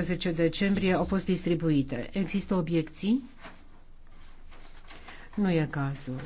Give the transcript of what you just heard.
10 decembrie au fost distribuite. Există obiecții? Nu e cazul.